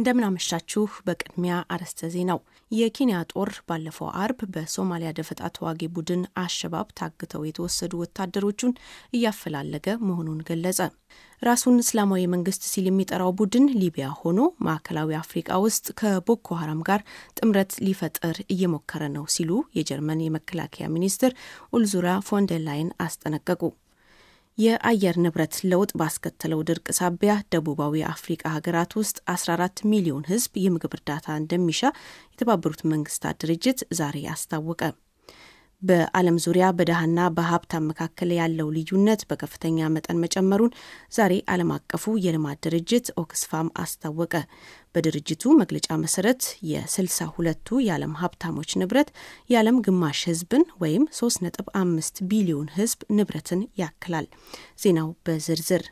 እንደምናመሻችሁ በቅድሚያ አርዕስተ ዜናው። የኬንያ ጦር ባለፈው አርብ በሶማሊያ ደፈጣ ተዋጊ ቡድን አሸባብ ታግተው የተወሰዱ ወታደሮቹን እያፈላለገ መሆኑን ገለጸ። ራሱን እስላማዊ መንግስት ሲል የሚጠራው ቡድን ሊቢያ ሆኖ ማዕከላዊ አፍሪቃ ውስጥ ከቦኮ ሀራም ጋር ጥምረት ሊፈጥር እየሞከረ ነው ሲሉ የጀርመን የመከላከያ ሚኒስትር ኡልዙራ ፎንደር ላይን አስጠነቀቁ። የአየር ንብረት ለውጥ ባስከተለው ድርቅ ሳቢያ ደቡባዊ አፍሪቃ ሀገራት ውስጥ 14 ሚሊዮን ሕዝብ የምግብ እርዳታ እንደሚሻ የተባበሩት መንግስታት ድርጅት ዛሬ አስታወቀ። በዓለም ዙሪያ በድሃና በሀብታም መካከል ያለው ልዩነት በከፍተኛ መጠን መጨመሩን ዛሬ ዓለም አቀፉ የልማት ድርጅት ኦክስፋም አስታወቀ። በድርጅቱ መግለጫ መሰረት የስልሳ ሁለቱ የዓለም ሀብታሞች ንብረት የዓለም ግማሽ ህዝብን ወይም 3.5 ቢሊዮን ህዝብ ንብረትን ያክላል። ዜናው በዝርዝር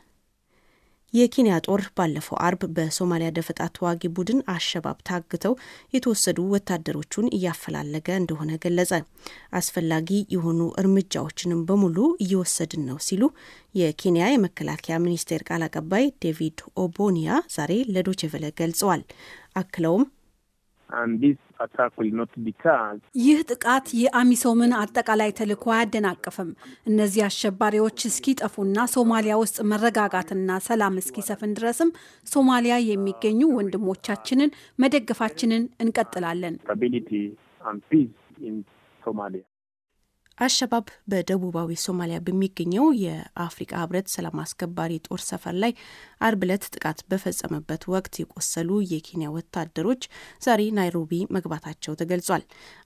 የኬንያ ጦር ባለፈው አርብ በሶማሊያ ደፈጣ ተዋጊ ቡድን አሸባብ ታግተው የተወሰዱ ወታደሮቹን እያፈላለገ እንደሆነ ገለጸ። አስፈላጊ የሆኑ እርምጃዎችንም በሙሉ እየወሰድን ነው ሲሉ የኬንያ የመከላከያ ሚኒስቴር ቃል አቀባይ ዴቪድ ኦቦኒያ ዛሬ ለዶቼ ገልጸዋል። አክለውም ይህ ጥቃት የአሚሶምን አጠቃላይ ተልዕኮ አያደናቅፍም። እነዚህ አሸባሪዎች እስኪጠፉና ሶማሊያ ውስጥ መረጋጋትና ሰላም እስኪሰፍን ድረስም ሶማሊያ የሚገኙ ወንድሞቻችንን መደገፋችንን እንቀጥላለን። አሸባብ በደቡባዊ ሶማሊያ በሚገኘው የአፍሪቃ ህብረት ሰላም አስከባሪ ጦር ሰፈር ላይ አርብ ዕለት ጥቃት በፈጸመበት ወቅት የቆሰሉ የኬንያ ወታደሮች ዛሬ ናይሮቢ መግባታቸው ተገልጿል።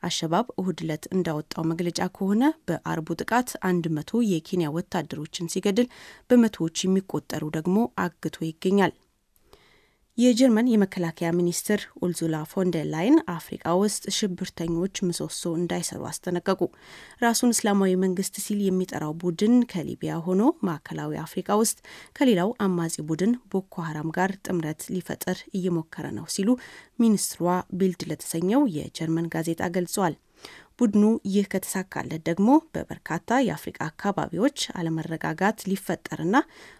አሸባብ እሁድ ዕለት እንዳወጣው መግለጫ ከሆነ በአርቡ ጥቃት አንድ መቶ የኬንያ ወታደሮችን ሲገድል በመቶዎች የሚቆጠሩ ደግሞ አግቶ ይገኛል። የጀርመን የመከላከያ ሚኒስትር ኡልዙላ ፎንደር ላይን አፍሪቃ ውስጥ ሽብርተኞች ምሰሶ እንዳይሰሩ አስጠነቀቁ። ራሱን እስላማዊ መንግስት ሲል የሚጠራው ቡድን ከሊቢያ ሆኖ ማዕከላዊ አፍሪቃ ውስጥ ከሌላው አማጺ ቡድን ቦኮ ሀራም ጋር ጥምረት ሊፈጥር እየሞከረ ነው ሲሉ ሚኒስትሯ ቢልድ ለተሰኘው የጀርመን ጋዜጣ ገልጿል። ቡድኑ ይህ ከተሳካለት ደግሞ በበርካታ የአፍሪቃ አካባቢዎች አለመረጋጋት ሊፈጠርና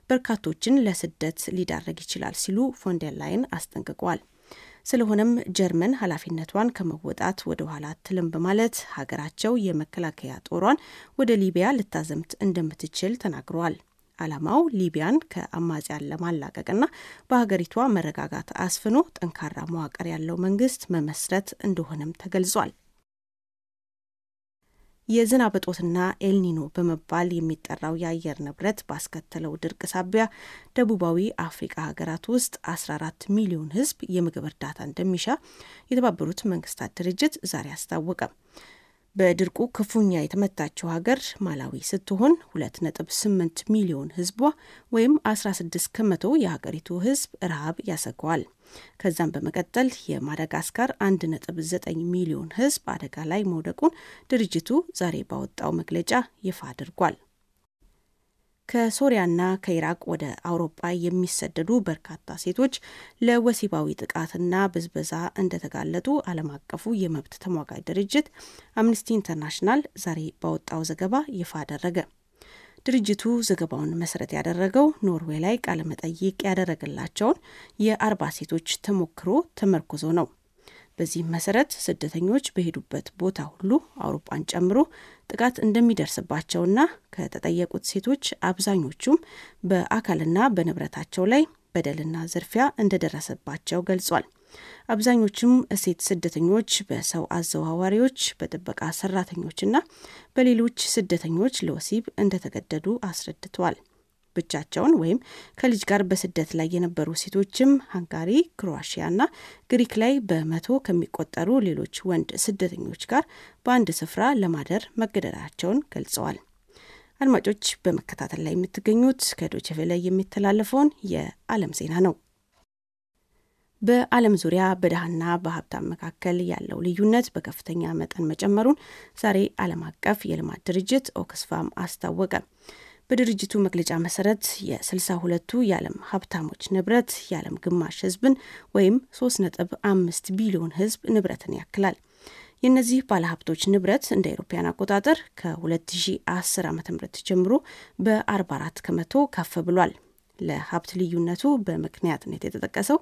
በርካቶችን ለስደት ሊዳረግ ይችላል ሲሉ ፎንደር ላይን አስጠንቅቋል። ስለሆነም ጀርመን ኃላፊነቷን ከመወጣት ወደ ኋላ አትልም በማለት ሀገራቸው የመከላከያ ጦሯን ወደ ሊቢያ ልታዘምት እንደምትችል ተናግረዋል። ዓላማው ሊቢያን ከአማጽያን ለማላቀቅና በሀገሪቷ መረጋጋት አስፍኖ ጠንካራ መዋቅር ያለው መንግስት መመስረት እንደሆነም ተገልጿል። የዝናብ እጦትና ኤልኒኖ በመባል የሚጠራው የአየር ንብረት ባስከተለው ድርቅ ሳቢያ ደቡባዊ አፍሪካ ሀገራት ውስጥ 14 ሚሊዮን ሕዝብ የምግብ እርዳታ እንደሚሻ የተባበሩት መንግስታት ድርጅት ዛሬ አስታወቀ። በድርቁ ክፉኛ የተመታቸው ሀገር ማላዊ ስትሆን 2.8 ሚሊዮን ህዝቧ ወይም 16 ከመቶ የሀገሪቱ ህዝብ ረሃብ ያሰገዋል። ከዛም በመቀጠል የማደጋስካር 1.9 ሚሊዮን ህዝብ አደጋ ላይ መውደቁን ድርጅቱ ዛሬ ባወጣው መግለጫ ይፋ አድርጓል። ከሶሪያና ከኢራቅ ወደ አውሮጳ የሚሰደዱ በርካታ ሴቶች ለወሲባዊ ጥቃትና ብዝበዛ እንደተጋለጡ ዓለም አቀፉ የመብት ተሟጋች ድርጅት አምነስቲ ኢንተርናሽናል ዛሬ ባወጣው ዘገባ ይፋ አደረገ። ድርጅቱ ዘገባውን መሰረት ያደረገው ኖርዌይ ላይ ቃለመጠይቅ ያደረገላቸውን የአርባ ሴቶች ተሞክሮ ተመርኩዞ ነው። በዚህም መሰረት ስደተኞች በሄዱበት ቦታ ሁሉ አውሮፓን ጨምሮ ጥቃት እንደሚደርስባቸውና ከተጠየቁት ሴቶች አብዛኞቹም በአካልና በንብረታቸው ላይ በደልና ዝርፊያ እንደደረሰባቸው ገልጿል። አብዛኞቹም ሴት ስደተኞች በሰው አዘዋዋሪዎች፣ በጥበቃ ሰራተኞችና በሌሎች ስደተኞች ለወሲብ እንደተገደዱ አስረድተዋል። ብቻቸውን ወይም ከልጅ ጋር በስደት ላይ የነበሩ ሴቶችም ሃንጋሪ፣ ና ግሪክ ላይ በመቶ ከሚቆጠሩ ሌሎች ወንድ ስደተኞች ጋር በአንድ ስፍራ ለማደር መገደዳቸውን ገልጸዋል። አድማጮች በመከታተል ላይ የምትገኙት ከዶይቼ ቬለ የሚተላለፈውን የዓለም ዜና ነው። በዓለም ዙሪያ በድሃና በሀብታም መካከል ያለው ልዩነት በከፍተኛ መጠን መጨመሩን ዛሬ ዓለም አቀፍ የልማት ድርጅት ኦክስፋም አስታወቀ። በድርጅቱ መግለጫ መሰረት የስልሳ ሁለቱ የዓለም ሀብታሞች ንብረት የዓለም ግማሽ ህዝብን ወይም 3.5 ቢሊዮን ህዝብ ንብረትን ያክላል። የእነዚህ ባለሀብቶች ንብረት እንደ አውሮፓውያን አቆጣጠር ከ2010 ዓ ም ጀምሮ በ44 ከመቶ ከፍ ብሏል። ለሀብት ልዩነቱ በምክንያትነት የተጠቀሰው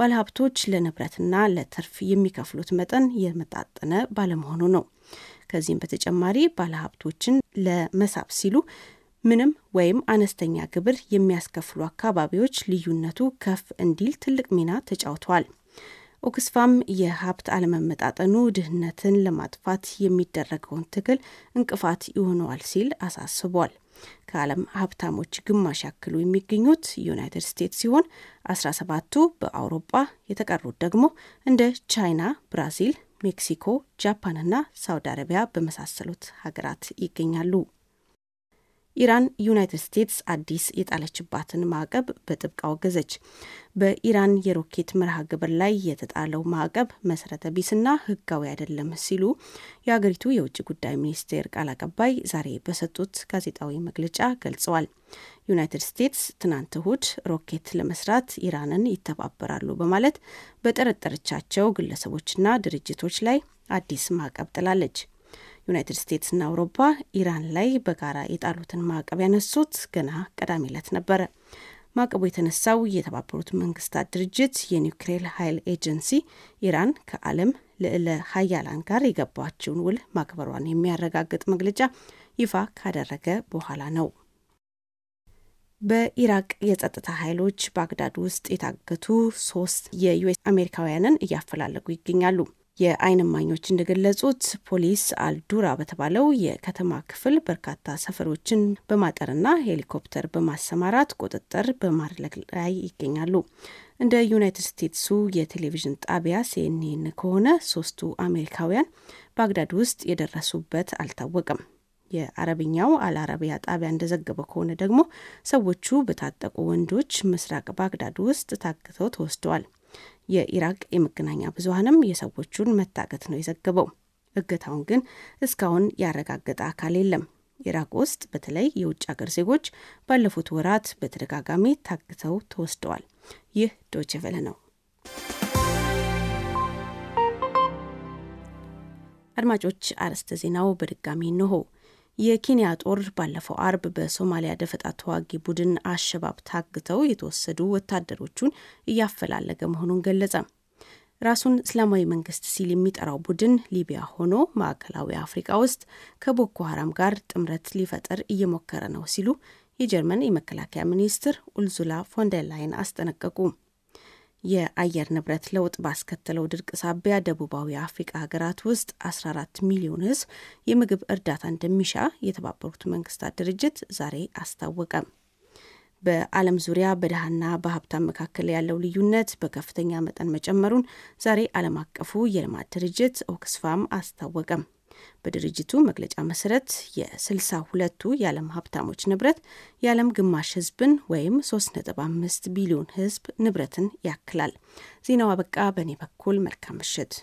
ባለሀብቶች ለንብረትና ለትርፍ የሚከፍሉት መጠን የመጣጠነ ባለመሆኑ ነው። ከዚህም በተጨማሪ ባለሀብቶችን ለመሳብ ሲሉ ምንም ወይም አነስተኛ ግብር የሚያስከፍሉ አካባቢዎች ልዩነቱ ከፍ እንዲል ትልቅ ሚና ተጫውተዋል። ኦክስፋም የሀብት አለመመጣጠኑ ድህነትን ለማጥፋት የሚደረገውን ትግል እንቅፋት ይሆነዋል ሲል አሳስቧል። ከዓለም ሀብታሞች ግማሽ ያክሉ የሚገኙት ዩናይትድ ስቴትስ ሲሆን 17ቱ በአውሮፓ የተቀሩት ደግሞ እንደ ቻይና፣ ብራዚል፣ ሜክሲኮ፣ ጃፓንና ሳውዲ አረቢያ በመሳሰሉት ሀገራት ይገኛሉ። ኢራን ዩናይትድ ስቴትስ አዲስ የጣለችባትን ማዕቀብ በጥብቅ አወገዘች። በኢራን የሮኬት መርሃ ግብር ላይ የተጣለው ማዕቀብ መሰረተ ቢስና ሕጋዊ አይደለም ሲሉ የአገሪቱ የውጭ ጉዳይ ሚኒስቴር ቃል አቀባይ ዛሬ በሰጡት ጋዜጣዊ መግለጫ ገልጸዋል። ዩናይትድ ስቴትስ ትናንት እሁድ ሮኬት ለመስራት ኢራንን ይተባበራሉ በማለት በጠረጠረቻቸው ግለሰቦችና ድርጅቶች ላይ አዲስ ማዕቀብ ጥላለች። ዩናይትድ ስቴትስና አውሮፓ ኢራን ላይ በጋራ የጣሉትን ማዕቀብ ያነሱት ገና ቀዳሚ ዕለት ነበረ። ማዕቀቡ የተነሳው የተባበሩት መንግስታት ድርጅት የኒውክሌር ኃይል ኤጀንሲ ኢራን ከዓለም ልዕለ ሀያላን ጋር የገባችውን ውል ማክበሯን የሚያረጋግጥ መግለጫ ይፋ ካደረገ በኋላ ነው። በኢራቅ የጸጥታ ኃይሎች ባግዳድ ውስጥ የታገቱ ሶስት የዩኤስ አሜሪካውያንን እያፈላለጉ ይገኛሉ። የአይን እማኞች እንደገለጹት ፖሊስ አልዱራ በተባለው የከተማ ክፍል በርካታ ሰፈሮችን በማጠርና ሄሊኮፕተር በማሰማራት ቁጥጥር በማድረግ ላይ ይገኛሉ። እንደ ዩናይትድ ስቴትሱ የቴሌቪዥን ጣቢያ ሲኤንኤን ከሆነ ሶስቱ አሜሪካውያን ባግዳድ ውስጥ የደረሱበት አልታወቀም። የአረብኛው አልአረቢያ ጣቢያ እንደዘገበ ከሆነ ደግሞ ሰዎቹ በታጠቁ ወንዶች ምስራቅ ባግዳድ ውስጥ ታግተው ተወስደዋል። የኢራቅ የመገናኛ ብዙሀንም የሰዎቹን መታገት ነው የዘገበው። እገታውን ግን እስካሁን ያረጋገጠ አካል የለም። ኢራቅ ውስጥ በተለይ የውጭ ሀገር ዜጎች ባለፉት ወራት በተደጋጋሚ ታግተው ተወስደዋል። ይህ ዶቼ ቬለ ነው። አድማጮች፣ አርዕስተ ዜናው በድጋሚ እንሆ። የኬንያ ጦር ባለፈው አርብ በሶማሊያ ደፈጣ ተዋጊ ቡድን አሸባብ ታግተው የተወሰዱ ወታደሮቹን እያፈላለገ መሆኑን ገለጸ። ራሱን እስላማዊ መንግስት ሲል የሚጠራው ቡድን ሊቢያ ሆኖ ማዕከላዊ አፍሪካ ውስጥ ከቦኮ ሀራም ጋር ጥምረት ሊፈጠር እየሞከረ ነው ሲሉ የጀርመን የመከላከያ ሚኒስትር ኡልዙላ ፎንደር ላይን አስጠነቀቁ። የአየር ንብረት ለውጥ ባስከተለው ድርቅ ሳቢያ ደቡባዊ አፍሪካ ሀገራት ውስጥ 14 ሚሊዮን ሕዝብ የምግብ እርዳታ እንደሚሻ የተባበሩት መንግስታት ድርጅት ዛሬ አስታወቀም። በዓለም ዙሪያ በድሃና በሀብታም መካከል ያለው ልዩነት በከፍተኛ መጠን መጨመሩን ዛሬ ዓለም አቀፉ የልማት ድርጅት ኦክስፋም አስታወቀም። በድርጅቱ መግለጫ መሰረት የስልሳ ሁለቱ የዓለም ሀብታሞች ንብረት የዓለም ግማሽ ህዝብን ወይም 3.5 ቢሊዮን ህዝብ ንብረትን ያክላል። ዜናው አበቃ። በእኔ በኩል መልካም ምሽት።